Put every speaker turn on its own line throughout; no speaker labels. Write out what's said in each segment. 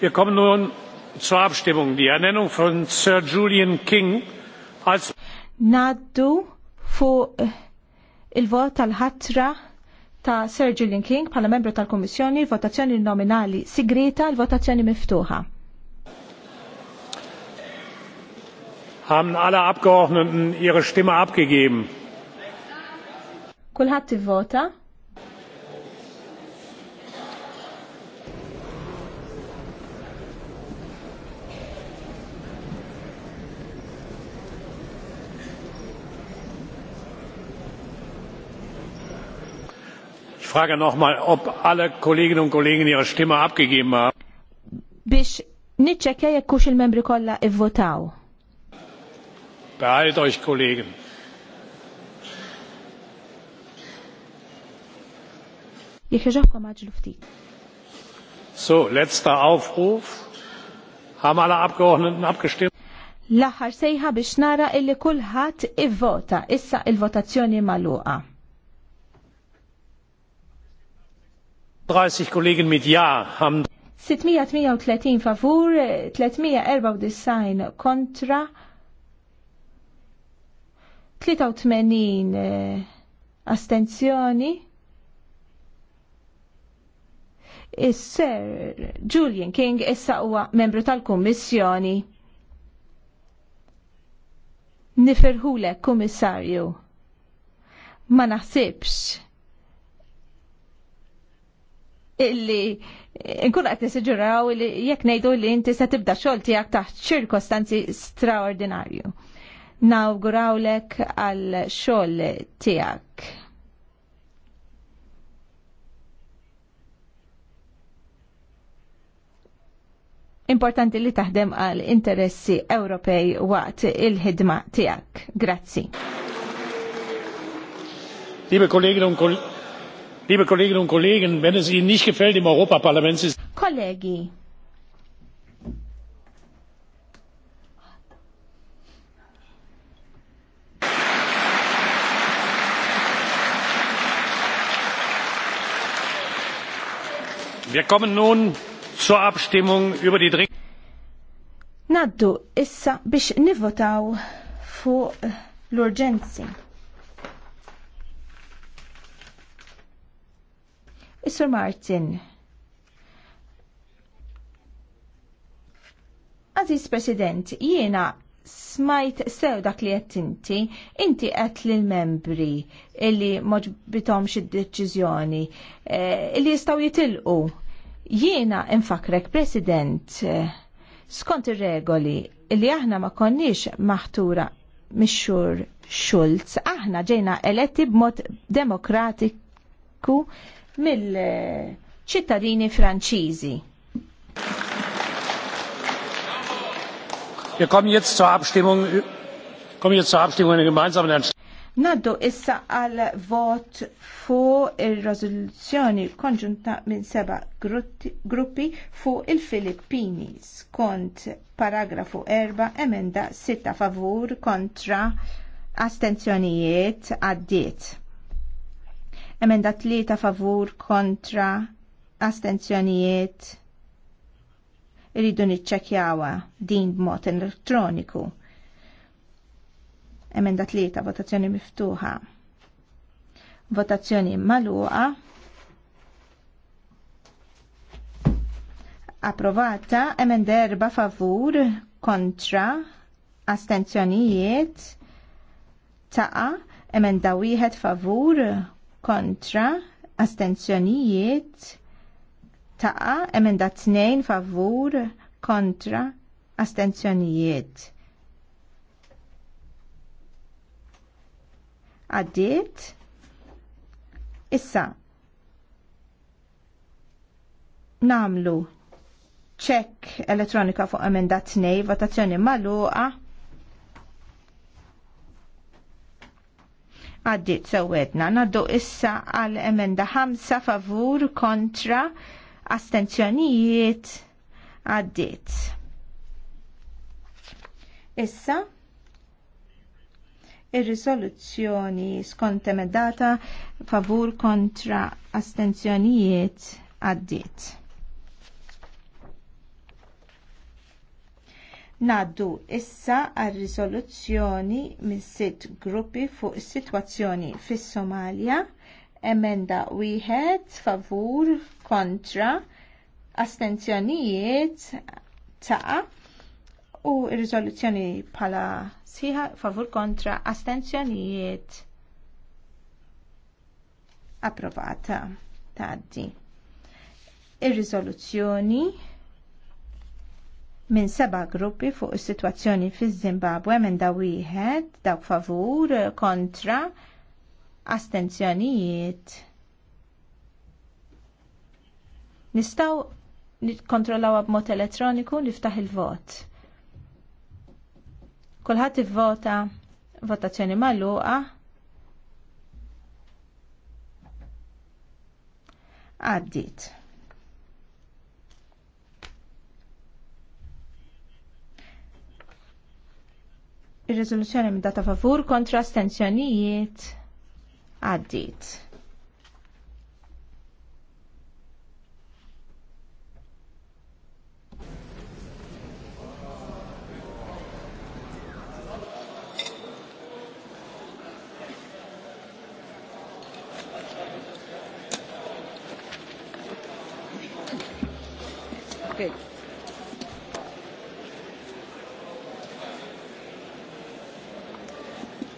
Wir kommen nun zur Abstimmung. Die Ernennung von Sir Julian King als Naddu
fu eh, il-vot tal-ħatra ta' Sir Julian King bħala membru tal-Kommissjoni, votazzjoni nominali sigreta, l-votazzjoni miftuħa.
Haben alle Abgeordneten ihre Stimme abgegeben?
Kulħadd ivvota. vota
frage nochmal, ob alle Kolleginnen und Kollegen ihre Stimme abgegeben haben.
Biex nitċekja jekkux il-membri kollha ivvotaw.
Behalt euch, Kollegen.
Jekk iġobkom għaġlu
ftit. So, letzter Aufruf. Haben alle Abgeordneten abgestimmt?
L-aħħar sejħa biex nara illi kulħadd ivvota issa il-votazzjoni magħluqa.
30 kollegin mit Ja haben
638 favur, 394 kontra, 83 eh, astenzjoni. Is-Sir Julian King issa huwa membru tal-Kummissjoni. Nifirħulek, Kummissarju. Ma naħsibx illi nkun qed nisiġuraw li jekk ngħidu li inti se tibda xogħol tiegħek taħt ċirkostanzi straordinarju. Nawgurawlek għal xogħol tiegħek. Importanti li taħdem għal interessi Ewropej waqt il-ħidma tiegħek. Grazzi.
Liebe Kolleginnen und Kollegen, Liebe Kolleginnen und Kollegen, wenn es Ihnen nicht gefällt im Europaparlament ist.
Kollegi.
Wir kommen nun zur Abstimmung über die dringende.
Naddu issa biex nivotaw fuq l-urġenzi. Is-Sur Martin. Aziz President, jiena smajt sew dak li qed inti, inti qed lil membri illi moġbitomx id-deċiżjoni eh, illi jistgħu jitilqu. Jiena infakrek President skont ir-regoli illi aħna ma konniex maħtura mix-xur Schulz, aħna ġejna eletti b'mod demokratiku mill-ċittadini Franċiżi. Naddu issa għal vot fu il-rezoluzzjoni konġunta minn seba gruppi fu il-Filippini skont paragrafu 4 emenda 6 favur kontra astenzjonijiet għaddiet. Emenda tlieta favur kontra astenzjonijiet irridu niċċekjawa din b'mod elettroniku. Emenda tlieta votazzjoni miftuħa. Votazzjoni maluqa. approvata emenda erba favur kontra astenzjonijiet taqa emenda wieħed favur kontra astenzjonijiet ta' emenda 2 favur kontra astenzjonijiet. Għaddit, issa namlu ċekk elettronika fuq emenda 2 votazzjoni maluqa għaddit sawedna. Naddu issa għal emenda ħamsa favur kontra astenzjonijiet għaddit. Issa ir risoluzzjoni skont emendata favur kontra astenzjonijiet għaddit. Naddu issa għal risoluzzjoni minn sitt gruppi fuq is-sitwazzjoni fis-Somalja, emenda wieħed favur kontra astenzjonijiet ta' u r-riżoluzzjoni bħala siħa favur kontra astenzjonijiet approvata tgħaddi. Ir-riżoluzzjoni minn seba' gruppi fuq is-sitwazzjoni fiż-Zimbabwe minn daw wieħed dawk favur kontra astenzjonijiet. Nistaw nikkontrollaw b'mod elettroniku niftaħ il-vot. Kulħadd ivvota votazzjoni magħluqa. Għaddit. Ir-riżoluzzjoni mdata data favur kontra astenzjonijiet għaddit.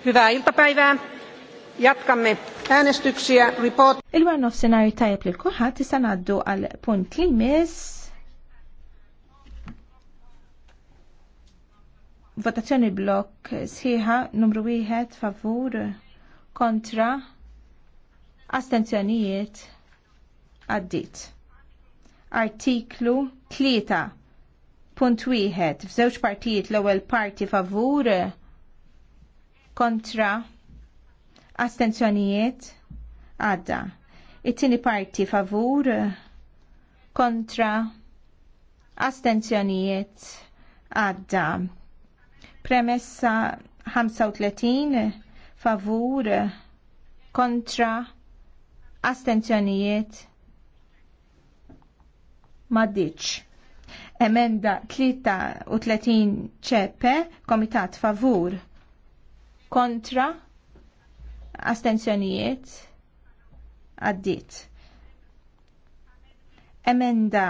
Hyvää iltapäivää.
Jatkamme äänestyksiä. Report. Il-war nofsenari tajab lil kulħadd issa ngħaddu għal punt li miss. Votazzjoni blok sħiħa numru wieħed favur kontra astenzjonijiet għaddit. Artiklu 3 punt wieħed f'żewġ partijiet l-ewwel parti favur kontra astenzjonijiet għadda. It-tieni parti favur kontra astenzjonijiet għadda. Premessa 35 favur kontra astenzjonijiet maddiċ. Emenda 33 ċepe, komitat favur kontra astenzjonijiet għaddit. Emenda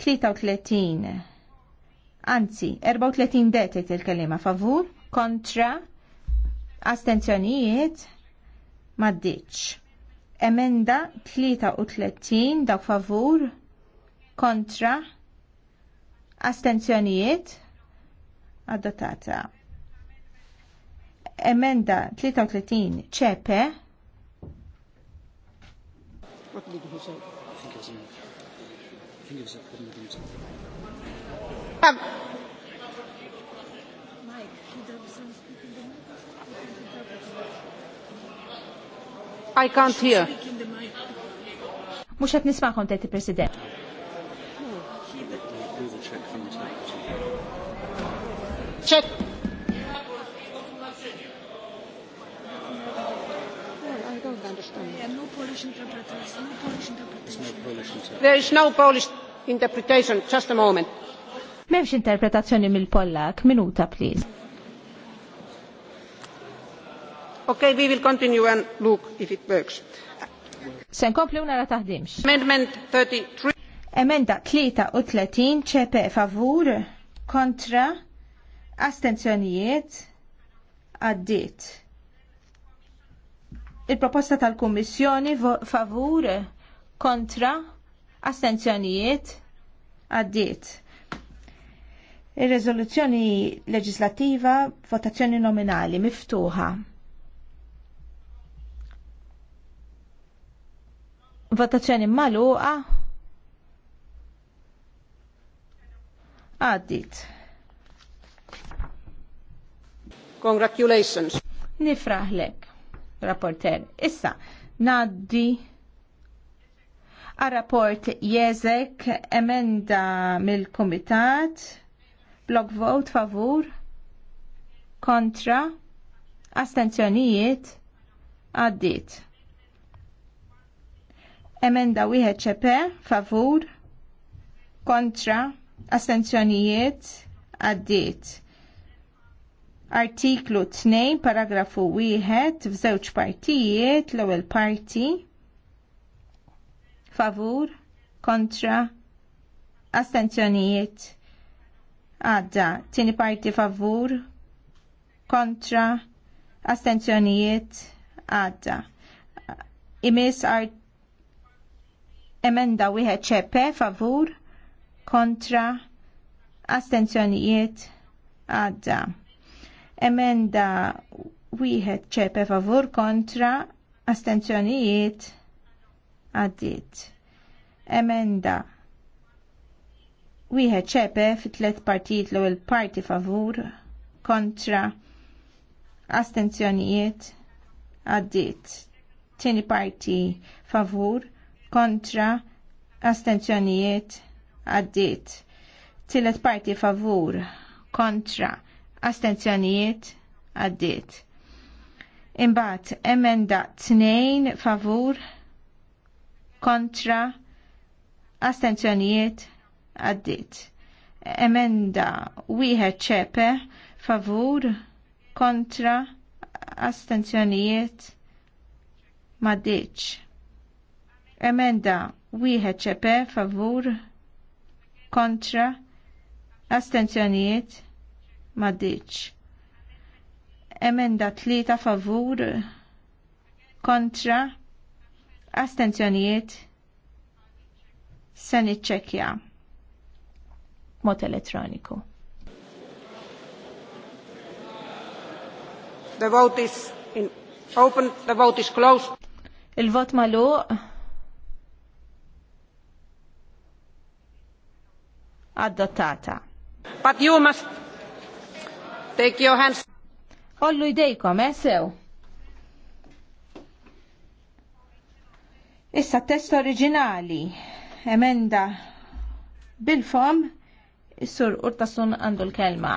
33 anzi 34 detet il-kelima favur kontra astenzjonijiet maddiċ. Emenda 33 dak favur kontra astenzjonijiet adottata emenda 33 ċepe. I can't hear. Mux għet nisma kontet il-President.
Check. understanding. Yeah, no Polish interpretation. No Polish interpretation. There is no Polish interpretation. Just a moment. Memx interpretazzjoni
mill-Pollak, minuta please.
Okay, we will continue and look if it works.
Sen kompli la taħdimx. Amendment
33.
Emenda 33 ċepe favur kontra astenzjonijiet addit il-proposta tal-Kummissjoni favur kontra astenzjonijiet għaddiet. Il-rezoluzzjoni leġislattiva votazzjoni nominali miftuħa. Votazzjoni maluqa għaddit. Congratulations. Nifraħlek rapporter. Issa, naddi a rapport jezek emenda mill-komitat, blog vote favur, kontra, astenzjonijiet, għaddit. Emenda wieħed ċepe, favur, kontra, astenzjonijiet, għaddit Artiklu 2, paragrafu 1, f'żewġ partijiet, l-ewwel parti, favur, kontra, astenzjonijiet. Għadda, tieni parti favur, kontra, astenzjonijiet, għadda. Imis art emenda wieħed ċepe favur kontra astenzjonijiet għadda. Emenda wieħed ċepe favur kontra astenzjonijiet għaddit. Emenda wieħed ċepe fit tlet partijiet l il parti favur kontra astenzjonijiet għaddit. Tieni parti favur kontra astenzjonijiet għaddit. Tillet parti favur kontra astenzjonijiet għaddiet. Imbagħad emenda tnejn favur kontra astenzjonijiet għaddiet. Emenda wieħed ċepe favur kontra astenzjonijiet maddiċ. Emenda wieħed ċepe favur kontra astenzjonijiet maddiċ. Emenda tlieta favur kontra astenzjonijiet se niċċekkja mod elettroniku.
The vote is in open, the vote is closed.
Il-vot malu. Adottata.
But you must
Take your hands. Ollu jdejkom, eh, sew. Issa test oriġinali, emenda bil-fom, issur Urtasun għandu l-kelma.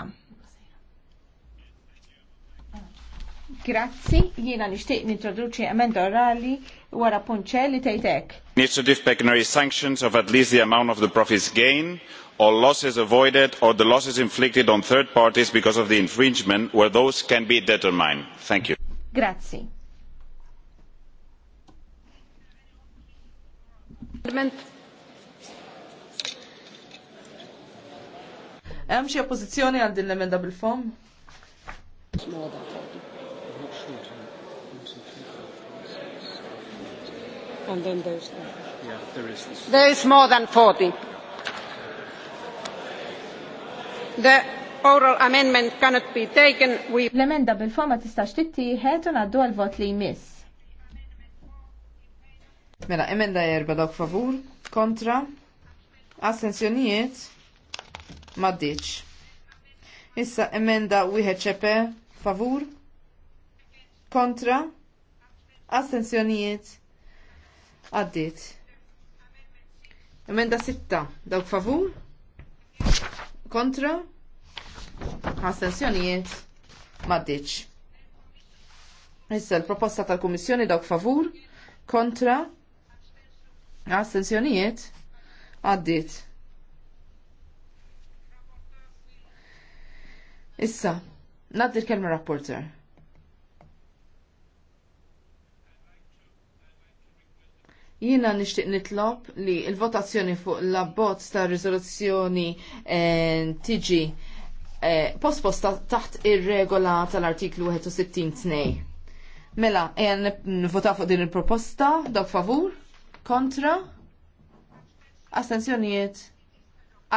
Grazzi, jiena nishtiq nintroduċi emenda orali wara punċe li tejtek. tgħidek.
Initiative pecuniary sanctions of at least the amount of the profits gain or losses avoided or the losses inflicted on third parties because of the infringement where those can be determined. Thank you.
Grazie.
Hemm xi oppożizzjoni għal din l-emenda bil-fom?
And then there's...
Yeah, there is this. There
is more than 40. The oral amendment cannot be
taken. We... L-emenda bil-forma tistax tittieħed u għaddu għal vot
li jmiss. Mela, emenda erba dawk favur, kontra, assenzjonijiet, maddiċ. Issa emenda wieħed ċepe favur, kontra, assenzjonijiet, għaddit. Emenda sitta, dawk favur, kontra astensjonijiet maddiċ. Issa l-proposta tal-Kummissjoni dawk favur kontra astensjonijiet għaddit. Issa, naddi l-kelma rapporter. Jiena nixtieq nitlob li l-votazzjoni fuq l-abbozz ta' riżoluzzjoni eh, tiġi eh, posposta taħt ir-regola tal-artiklu 61 Mela, jgħan nivota fuq din il-proposta, dok favur, kontra, Astenzjonijiet?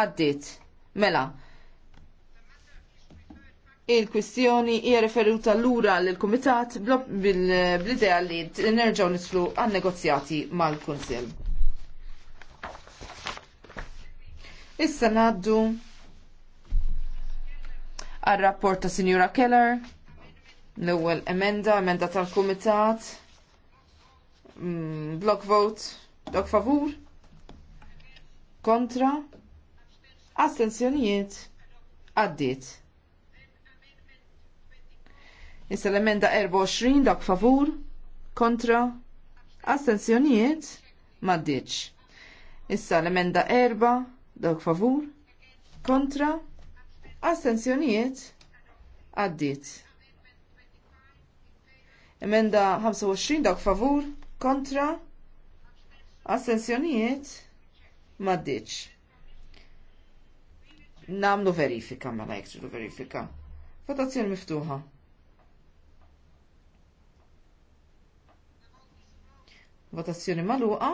għaddit. Mela, il-kwistjoni hija referuta lura l-Kumitat bl-idea li nerġgħu nislu għan negozjati mal-Kunsill. Issa ngħaddu għal rapport ta' Sinjura Keller, l-ewwel emenda, emenda tal-Kumitat, mm, block vote, dok favur, kontra, astensjonijiet, għaddit. Issa l-emenda 24 dak favur kontra astenzjonijiet maddiċ. Issa l-emenda 4 dak favur kontra astenzjonijiet għaddit. Emenda 25 dak favur kontra astenzjonijiet maddiċ. Namlu verifika, ma mela, jek verifika. Votazzjoni miftuħa. Votazzjoni maluqa.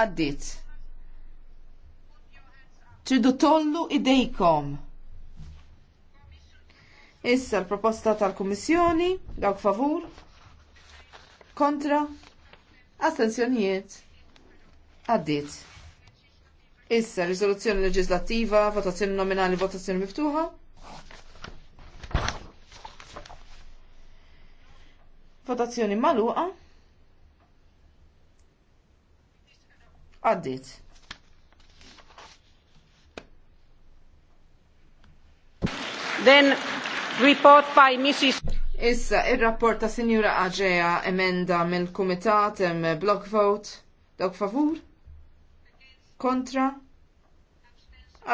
Għaddit. Tridu tollu idejkom. Issa l-proposta tal-Kummissjoni, dawk favur, kontra, astensjonijiet, għaddit. Issa risoluzzjoni legislativa, votazzjoni nominali, votazzjoni miftuħa. Votazzjoni maluqa. Għaddit. Then report by Mrs. Issa, il-rapport ta' Sinjura Aġea emenda mill-Kumitat hemm block vote. Dawk favur? Kontra?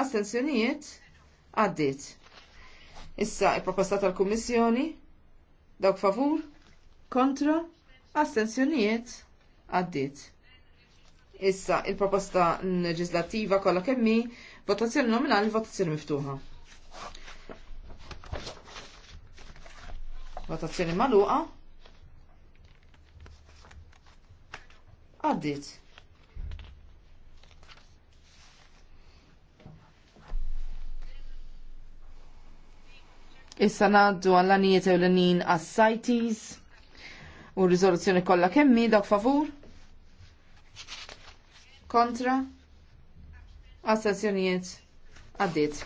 Astenzjonijiet? Għaddit. Issa, il-proposta tal-Kummissjoni? Dawk favur? kontra, astensjonijiet, għaddit. Issa, il-proposta legislativa kollha kemmi, votazzjoni nominali, votazzjoni miftuħa. Votazzjoni maluqa. Għaddit. Issa naddu għall-anijiet ewlenin għas-sajtis u r-riżoluzzjoni kollha kemmi dak favur? Kontra? Astenzjonijiet għaddiet.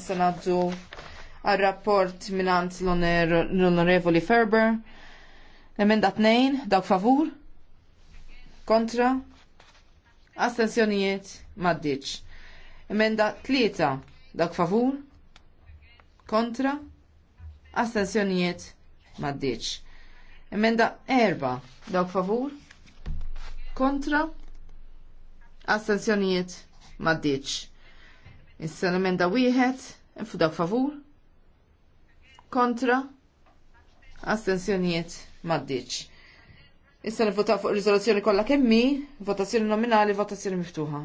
Issa naddu għal rapport minant l-Onorevoli Ferber. emenda 2, dak favur? Kontra? Astenzjonijiet maddiċ. Emenda 3, Dak favur? Kontra? Astenzjonijiet maddiċ. Emenda erba, dawk favur, kontra, astenzjonijiet maddiċ. Issa l-emenda wieħed, infu dawk favur, kontra, astenzjonijiet maddiċ. Issa nivvotaw fuq il-rizoluzzjoni kollha kemmi, votazzjoni nominali, votazzjoni miftuħa.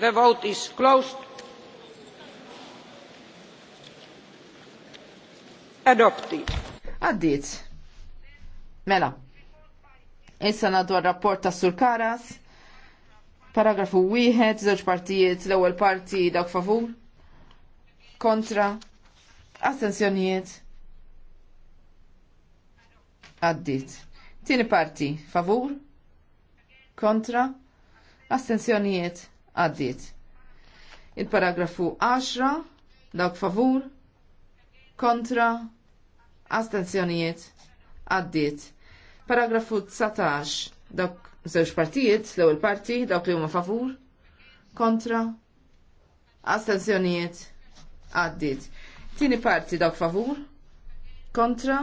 The vote is closed. Adopti.
Għaddit. Mela. Issa nadu rapport ta' Sur Karas. Paragrafu wieħed, żewġ partijiet, l-ewwel parti dawk favur. Kontra. Astensjonijiet. Għaddit. Tieni parti, favur. Kontra. Astensjonijiet. Għaddit. Il-paragrafu 10, dawk favur kontra astenzjonijiet għaddiet. Paragrafu 19 dak żewġ partijiet, l-ewwel parti dawk li huma favur kontra astenzjonijiet għaddiet. Tieni parti dawk favur kontra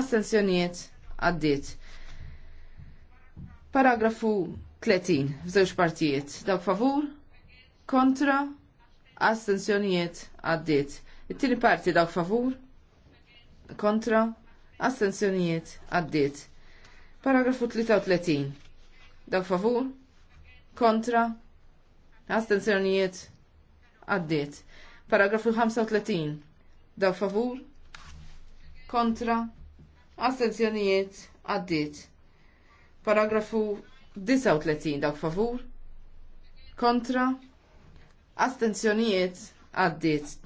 astenzjonijiet għaddiet. Paragrafu 30, f'żewġ partijiet, dawk favur, kontra, astensjonijiet għaddiet. It-tieni parti dawk favur, kontra, Astenzjonijiet? għaddiet. Paragrafu 33. Dawk favur, kontra, astensjonijiet għaddiet. Paragrafu 35. Dawk favur, kontra, Astenzjonijiet? għaddiet. Paragrafu 39 dawk favur, kontra, astenzjonijiet għaddiet.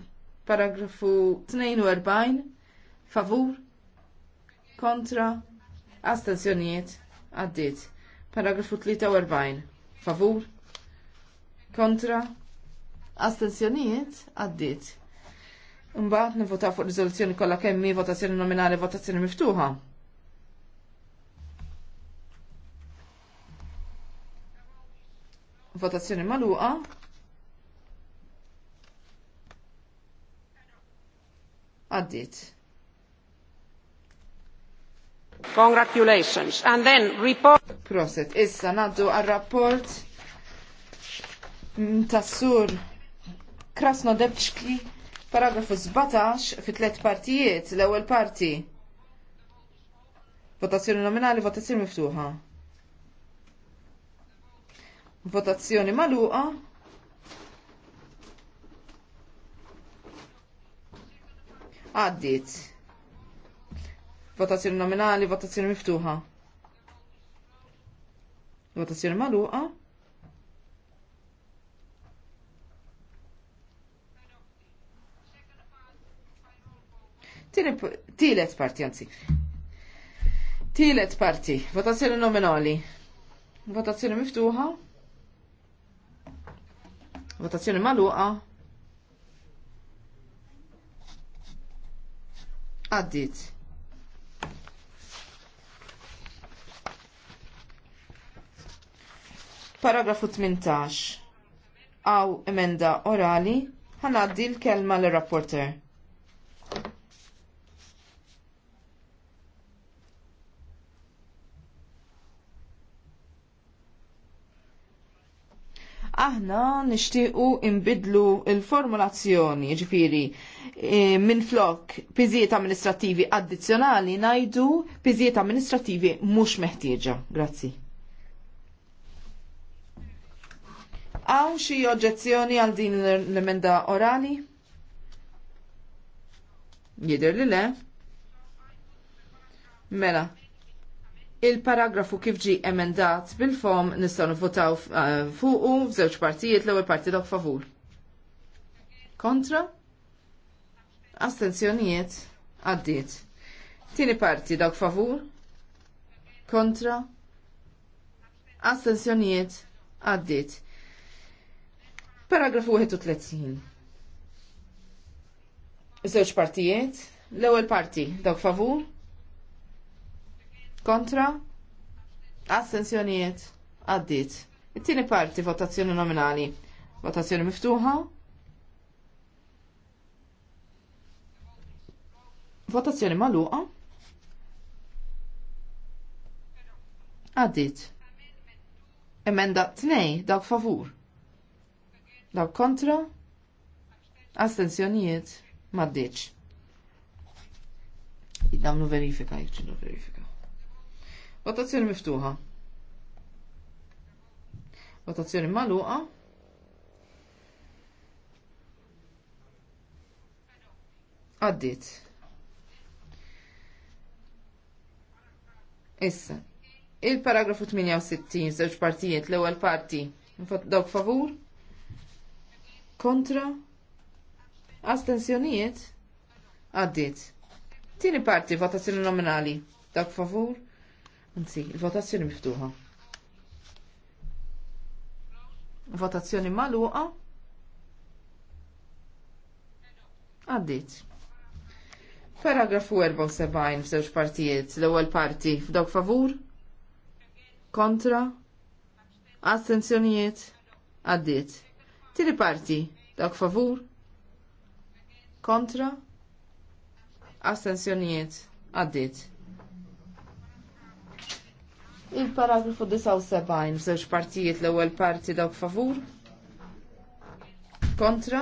Paragrafu 42 favur kontra astazzjoniet, għaddit. Paragrafu 43 favur kontra astazzjoniet, għaddit. Mbaħt nivvotaw fuq riżoluzzjoni kollha kemm hi votazzjoni nominali votazzjoni miftuħa. Votazzjoni magħluqa. Għaddit. Congratulations. And then report. Proset. Issa naddu għal rapport mm, tassur Krasnodebski paragrafu 17 fi tliet partijiet l-ewwel parti. Votazzjoni nominali, votazzjoni miftuħa. Votazzjoni maluqa. Għaddit. Votazzjoni nominali, votazzjoni miftuħa. Votazzjoni maluqa. Tielet parti, anzi. Tielet parti, votazzjoni nominali. Votazzjoni miftuħa. Votazzjoni maluqa. Għaddit. Paragrafu 18. Għaw emenda orali ħanaddi l-kelma l-rapporter. aħna nixtiequ imbidlu il-formulazzjoni, ġifiri, e, minn flok piżijiet amministrativi addizzjonali najdu piżijiet amministrativi mhux meħtieġa. Grazzi. Għaw xi oġġezzjoni għal din l-emenda orali? Jidher li le? Mela, Il-paragrafu kif ġi emendat bil-fom nistgħu nivvotaw eh, fuqu f'żewġ partijiet l-ewwel parti dok favur. Kontra? Astenzjonijiet? Għaddiet. Tieni parti dawk favur? Kontra? Astenzjonijiet? Għaddiet. Paragrafu 31. Żewġ partijiet? L-ewwel parti dawk favur? kontra, Astenzjonijiet? għaddit. It-tieni parti votazzjoni nominali. Votazzjoni miftuħa. Votazzjoni maluqa. Għaddit. Emenda tnej dawk favur. Dawk kontra. Astenzjonijiet maddiċ. Id-damlu verifika, jċinu verifika. Votazzjoni miftuħa. Votazzjoni maluqa. Għaddit. Issa, il-paragrafu 68, żewġ partijiet, l-ewwel parti, dawk favur, kontra, astensjonijiet, Għaddit. Tieni parti, votazzjoni nominali, dawk favur, Anzi, il-votazzjoni miftuħa. Votazzjoni maluqa. Għaddit. Paragrafu 74 f'żewġ partijiet. L-ewwel parti f'dawk favur? Kontra? Astenzjonijiet? Għaddit. Tieni parti dawk favur? Kontra? Astenzjonijiet? Għaddit. Il-paragrafu 79 f'żewġ partijiet l-ewwel parti dawk favur. Kontra.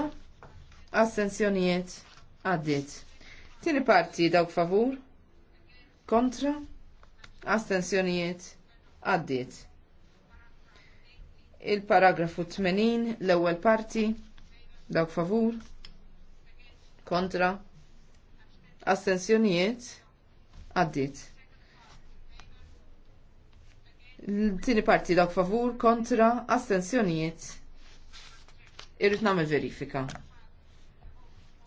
Assenzjonijiet għaddiet. Tieni parti dawk favur. Kontra. Astensjonijiet għaddiet. Il-paragrafu 80 l-ewwel parti dawk favur. Kontra. Astensjonijiet għaddiet Tini parti dak favur kontra astensjonijiet. Irrit namel verifika.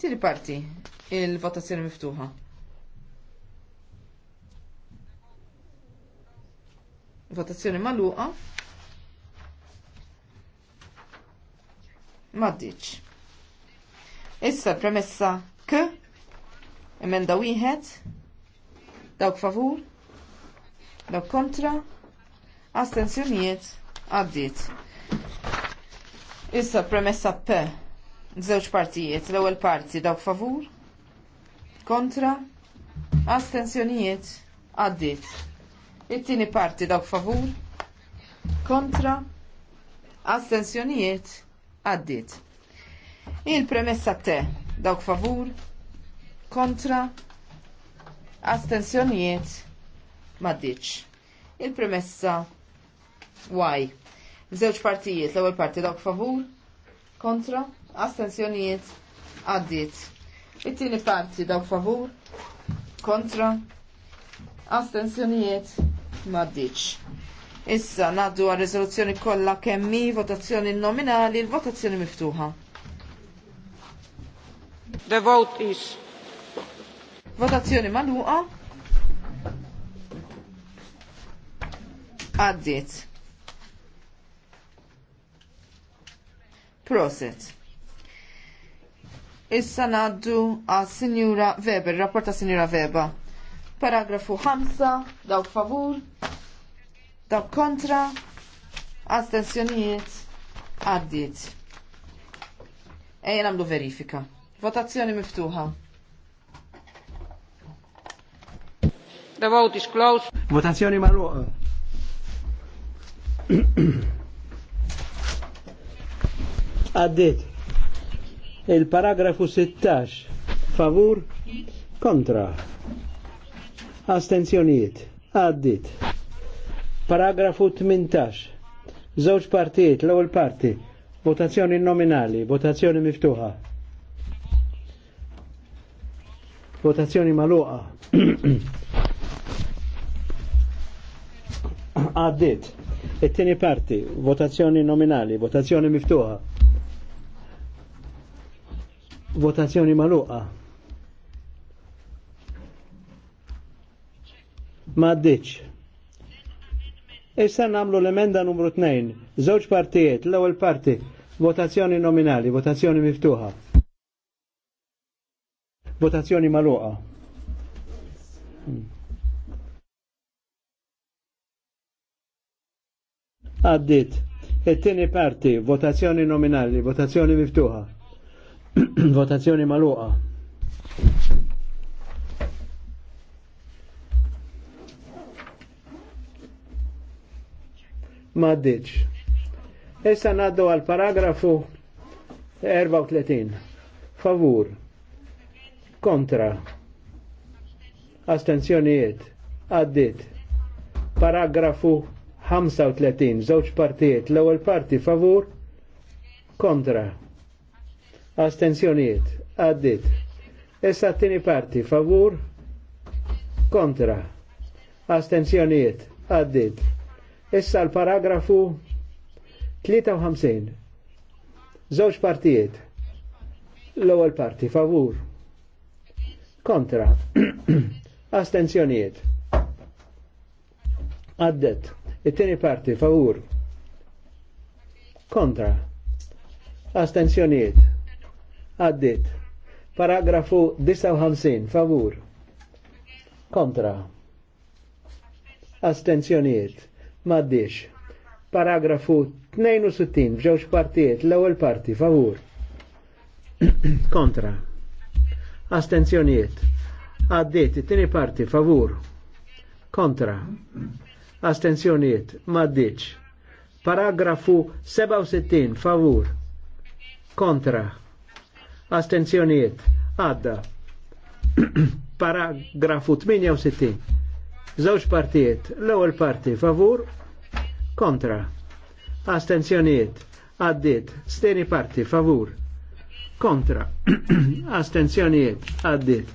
Tini parti il-votazzjoni miftuħa. Votazzjoni maluqa. Maddiċ. Issa premessa k. Emenda wieħed. Dawk favur. Dawk kontra astenzjonijiet għaddiet. Issa premessa P, żewġ partijiet, l-ewwel parti dawk favur, kontra, astenzjonijiet għaddiet. It-tieni parti dawk favur, kontra, astenzjonijiet għaddiet. Il-premessa T, dawk favur, kontra, astenzjonijiet maddiċ. Il-premessa Why? Żewġ partijiet, l-ewwel parti dawk favur, kontra, astensjonijiet għaddiet. It-tieni parti dawk favur, kontra, astensjonijiet m'għaddietx. Issa naddu għal rezoluzzjoni kollha kemmi votazzjoni nominali, l-votazzjoni miftuħa.
The vote is.
Votazzjoni maluqa. Għaddiet. Proset. Issa naddu għal Sinjura Weber, rapport ta' Sinjura Weber. Paragrafu 5, dawk favur, dawk kontra, astensjonijiet, għaddiet. Ejja namlu verifika. Votazzjoni miftuħa.
The vote is closed.
Votazzjoni marruqa. għaddit. Il-paragrafu 16. Favur kontra. Astenzjonijiet. Għaddit. Paragrafu 18. Żewġ partijiet, l-ewwel parti. Votazzjoni nominali, votazzjoni miftuħa. Votazzjoni maluqa. Għaddit. it-tieni parti, votazzjoni nominali, votazzjoni miftuħa. Votazzjoni maluqa. Ma ddiċ. Issa namlu l-emenda numru 2. Żewġ partijiet, l-ewwel parti, votazzjoni nominali, votazzjoni miftuħa. Votazzjoni maluqa. Għaddit. E tini tieni parti, votazzjoni nominali, votazzjoni miftuħa. Votazzjoni maluqa. Ma ddiċ. Issa naddu għal paragrafu 34. Favur. Kontra. Astenzjonijiet. Għaddit. Paragrafu 35. Żewġ partijiet. L-ewwel parti favur. Kontra astenzjoniet, għaddit. Issa t-tini parti, favur, kontra, astenzjoniet, għaddit. Issa l-paragrafu 53. Zoċ partijiet. L-ewwel parti, favur. Kontra. Astenzjonijiet. Għaddet. It-tieni parti, favur. Kontra. Astenzjonijiet. Għaddit. Paragrafu 59, favur. Kontra. Astenzjoniet. Maddix. Paragrafu 62, bġewx partijiet, l-ewwel parti, favur. Kontra. Astenzjoniet. Għaddit, it-tieni parti, favur. Kontra. Astenzjoniet. Maddix. Paragrafu 67, favur. Kontra astenzjonijiet għadda paragrafu 68 żewġ partijiet l ewel parti favur kontra astenzjonijiet Għaddit. steni parti favur kontra astenzjonijiet Għaddit.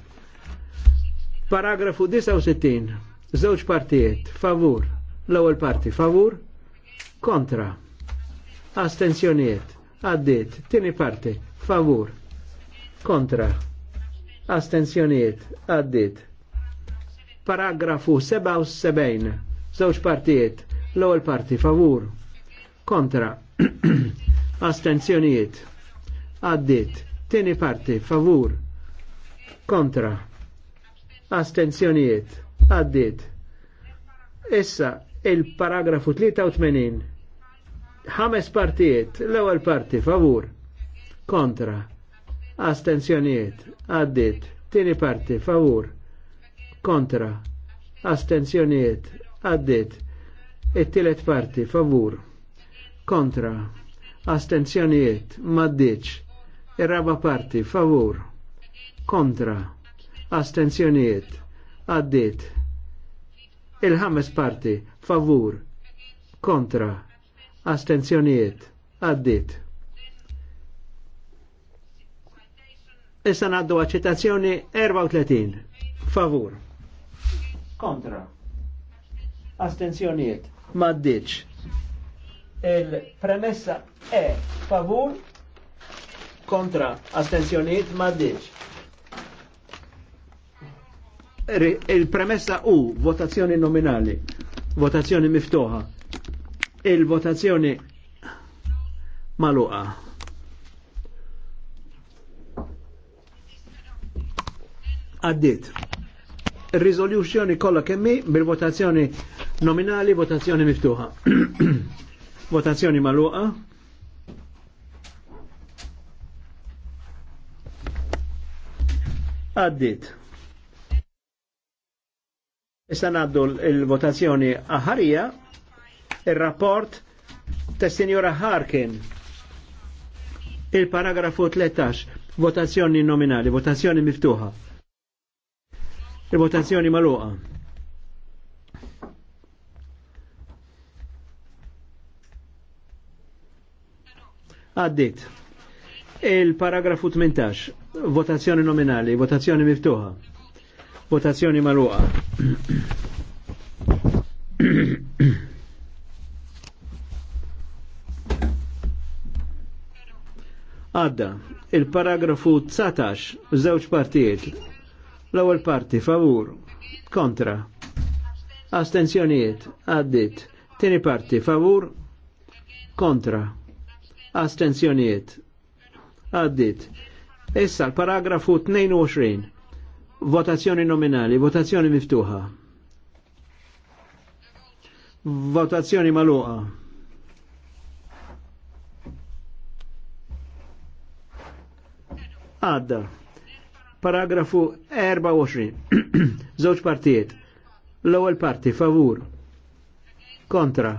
paragrafu 69 żewġ partijiet favur l ewel parti favur kontra astenzjonijiet Għaddit. tieni parti favur kontra, Astenzjoniet, għaddit. Paragrafu 77, żewġ partijiet, l-ewwel parti favur, kontra, Astenzjoniet, għaddit. Tieni parti favur, kontra, Astenzjoniet, għaddit. Issa il-paragrafu 83, ħames partijiet, l-ewwel parti favur, kontra, astenzjoniet, għaddit, tieni parti, favur, kontra, astenzjoniet, għaddit, it-tielet parti, favur, kontra, astenzjoniet, maddiċ, ir-raba parti, favur, kontra, astenzjoniet, għaddit, il-ħames parti, favur, kontra, astenzjoniet, għaddit. Issa naddu għacitazzjoni 34. Favur. Kontra. Astenzjoniet. Maddiċ. Il-premessa E. Favur. Kontra. Astenzjoniet. Maddiċ. Il-premessa U. Votazzjoni nominali. Votazzjoni miftoħa. Il-votazzjoni maluqa. għaddit. Rizoluzjoni kolla kemmi bil-votazzjoni nominali, votazzjoni miftuħa. votazzjoni maluqa. Għaddit. Issa naddu il-votazzjoni aħarija, il-rapport ta' Senjora Harkin, il-paragrafu 13, votazzjoni nominali, votazzjoni miftuħa. Il-votazzjoni maluqa. Għaddit. Il-paragrafu 18. Votazzjoni nominali, votazzjoni miftuħa. Votazzjoni maluqa. Għadda, il-paragrafu 19, żewġ partijiet, L-ewwel parti favur kontra. Astenzjonijiet għaddit. Tieni parti favur kontra. Astenzjonijiet għaddit. Issa l-paragrafu 22. Votazzjoni nominali, votazzjoni miftuħa. Votazzjoni maluqa. Għadda. Paragrafu 24. Żewġ partijiet. L-ewwel parti favur. Kontra.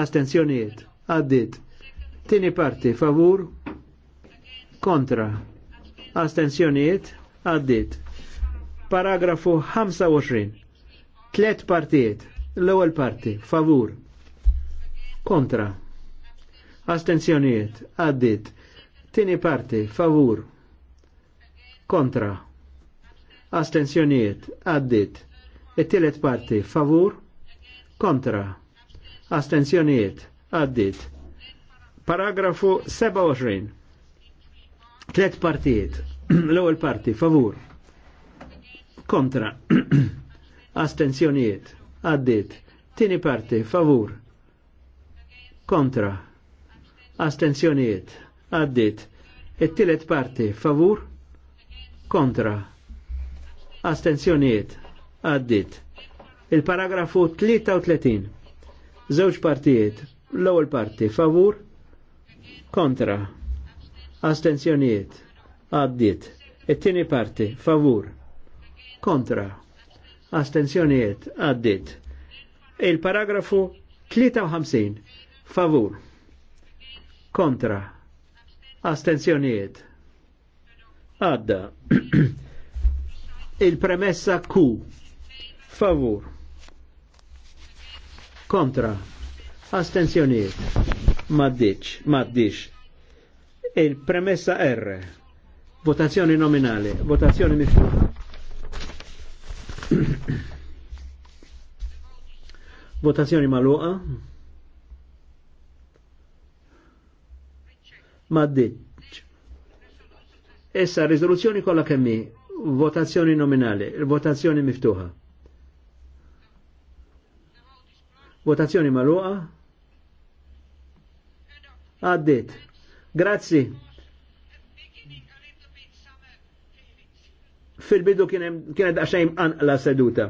Astenzjonijiet. Għaddit. Tini parti favur. Kontra. Astenzjonijiet. Għaddit. Paragrafu 25. Tlet partijiet. L-ewwel parti favur. Kontra. Astenzjonijiet. Għaddit. Tini parti favur kontra, Astenzjoniet, għaddit, it-tielet parti, favur, kontra, Astenzjoniet, għaddit. Paragrafu 27, tlet partijiet, l-ewwel parti, favur, kontra, Astenzjoniet, għaddit, tini parti, favur, kontra, Astenzjoniet, għaddit, it-tielet parti, favur, kontra, astenzjoniet, għaddit. Il-paragrafu 33, żewġ partijiet, l-ewwel parti, favur, kontra, astenzjoniet, għaddit. It-tieni parti, favur, kontra, astenzjoniet, għaddit. Il-paragrafu 53, favur, kontra, astenzjoniet, Għadda. Il-premessa Q. Favur. Kontra. Astenzjoniet. Maddiċ, maddiċ. Il-premessa R. Votazzjoni nominale. Votazzjoni mifluħa Votazzjoni maluqa. Maddiċ. Issa, rizoluzzjoni kolla kemmi, votazzjoni nominali, votazzjoni miftuħa. Votazzjoni maluqa? Għaddit. Grazzi. Fil-bidu kienet an la seduta.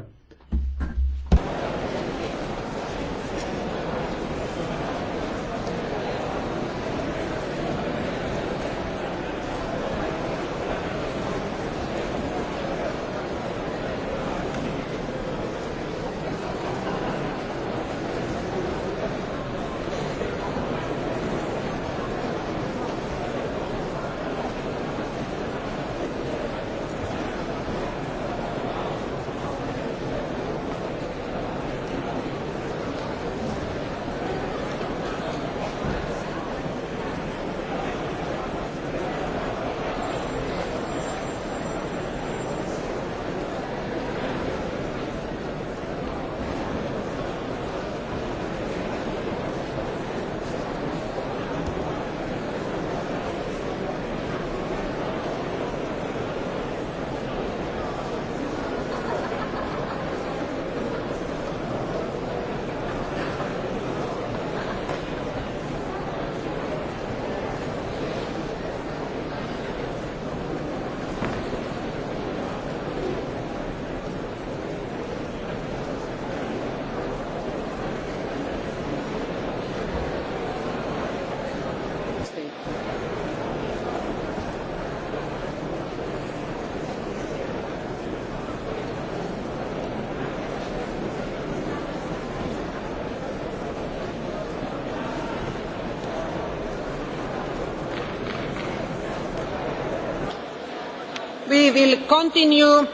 continue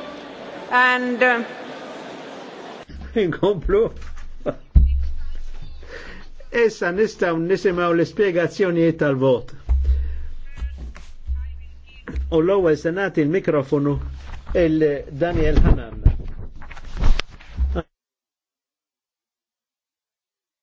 and uh,
Inkomplu. Issa nistaw nisimaw l-spiegazzjonijiet tal-vot. U l-ewwel senat il-mikrofonu il-Daniel Hanan.